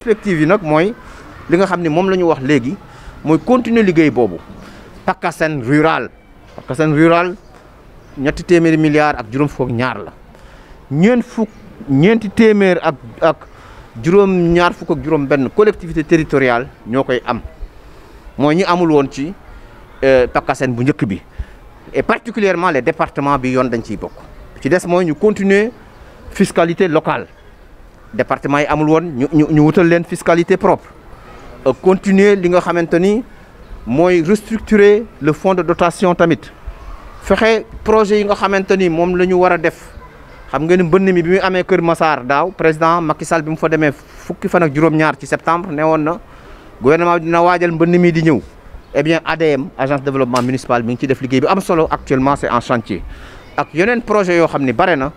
perspective yi nag mooy li nga xam ne moom la ñu wax léegi mooy continuer liggéey boobu PACASEN rural PACASEN rural ñetti téeméeri milliards ak juróom fukk ñaar la ñeent ñeenti téeméer ak ak juróom ñaar fukk ak juróom benn collectivité territoriale ñoo koy am mooy ñi amul woon ci PACASEN euh, bu njëkk bi et particulièrement les départements bi yoon dañ ciy bokk ci des mooy ñu continuer fiscalité locale département yi amul woon ñu ñu ñu wutal leen fiscalité propre euh, continuer li nga xamante ni mooy restructurer le fonds de dotation tamit fexe projet yi nga xamante ni moom la ñu war a def xam ngeen mbënn mi bi muy amee Kër Massar daaw président Macky Sall bi mu fa demee fukki fan ak juróom-ñaar ci septembre ne woon na gouvernement bi dina waajal mbënn mi di ñëw eh bien ADM agence développement municipal mi ngi ciy def liggéey bi am solo actuellement ak yeneen projet yoo xam ni bare na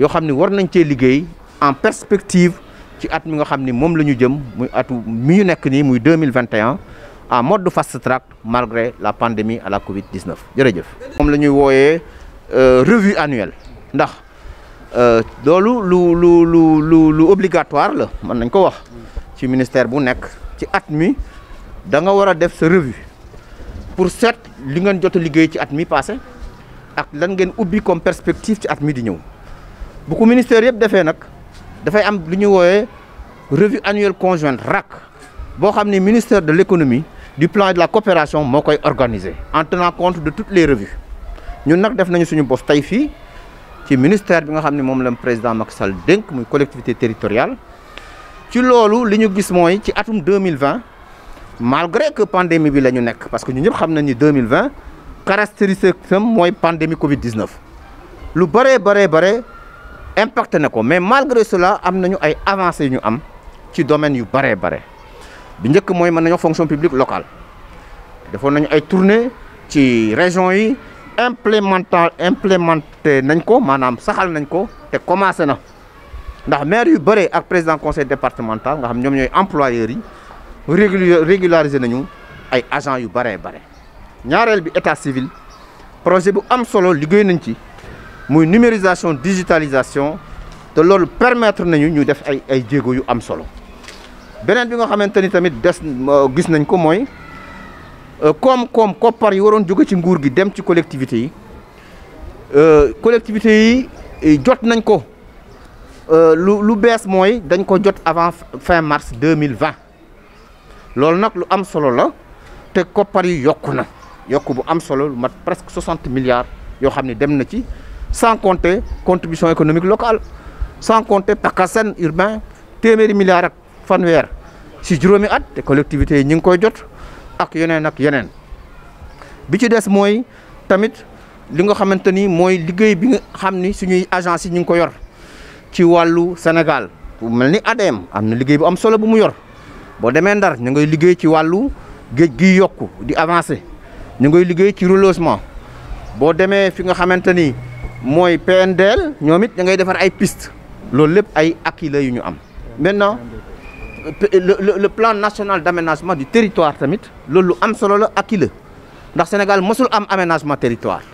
yoo xam ni war nañ cee liggéey en perspective ci at mi nga xam ni moom la ñu jëm muy atu mi nekk nii muy 2021 en mode fast track malgré la pandémie à la Covid 19 jërëjëf. moom lañuy ñuy wooyee euh, revue annuelle ndax euh, loolu lu lu lu lu lu obligatoire la mën nañ ko wax ci ministère bu nekk ci at mi da nga war a def sa revue pour seet li ngeen jot a liggéey ci at mi passé. ak lan ngeen ubbi comme perspective ci at mii di ñëw bu ko ministère yëpp defee nag dafay am lu ñu wooyee revue annuelle conjointe RAC boo xam ne ministère de l' di du de la coopération moo koy organiser en tenant compte de toutes les revues ñun nag def nañu suñu bos tey fii ci ministère bi nga xam ne moom la président Macky Sall dénk muy collectivité territoriale ci loolu li ñu gis mooy ci atum 2020 malgré que pandémie bi la ñu nekk parce que ñu ñëpp xam nañ ni 2020 caractéristique am mooy pandémie Covid 19. lu bëree bëree bëre impacté na ko mais malgré cela am nañu ay avancées yu ñu am ci domaine yu bëree bare bi njëkk mooy mën nañu fonction publique locale defoon nañu ay tournée ci région yi implémentant implémenté nañ ko maanaam saxal nañ ko te commencé na ndax maire yu bëre ak président conseil départemental nga xam ñoom ñooy employeurs yi régulariser nañu ay agents yu bëree bëre ñaareel bi état civil projet bu am solo liggéey nañ ci muy numérisation digitalisation te loolu permettre nañu ñuy def ay ay jéego yu am solo beneen bi nga xamante ni tamit des euh, gis nañ ko mooy euh, koom-koom koppar yi waroon jóge ci nguur gi dem ci collectivités yi euh, collectivités yi eh, jot nañ ko lu lu bees mooy dañ ko jot avant fin mars 2020 loolu nag lu am solo la te koppar yi yokku na yokk bu am solo lu mat presque 60 milliards yoo xam ne dem na ci sans compter contribution économique locale sans compter PACASEN urbain téeméeri milliards ak fanweer si juróomi at te collectivités yi ñu ngi koy jot ak yeneen ak yeneen bi ci des mooy tamit li nga xamante ni mooy liggéey bi xam ni suñuy agence yi ñu ngi ko yor ci wàllu Sénégal bu mel ni ADM am na liggéey bu am solo bu mu yor boo demee Ndar ñu ngay liggéey ci wàllu géej gi yokku di avancé ñu ngay liggéey ci relogement boo demee fi nga xamante ni mooy PNDL ñoom it da ngay defar ay piste loolu lépp ay acquis la yu ñu am maintenant le le plan national d' aménagement du territoire tamit loolu am solo la acquis la ndax Sénégal mosul am aménagement territoire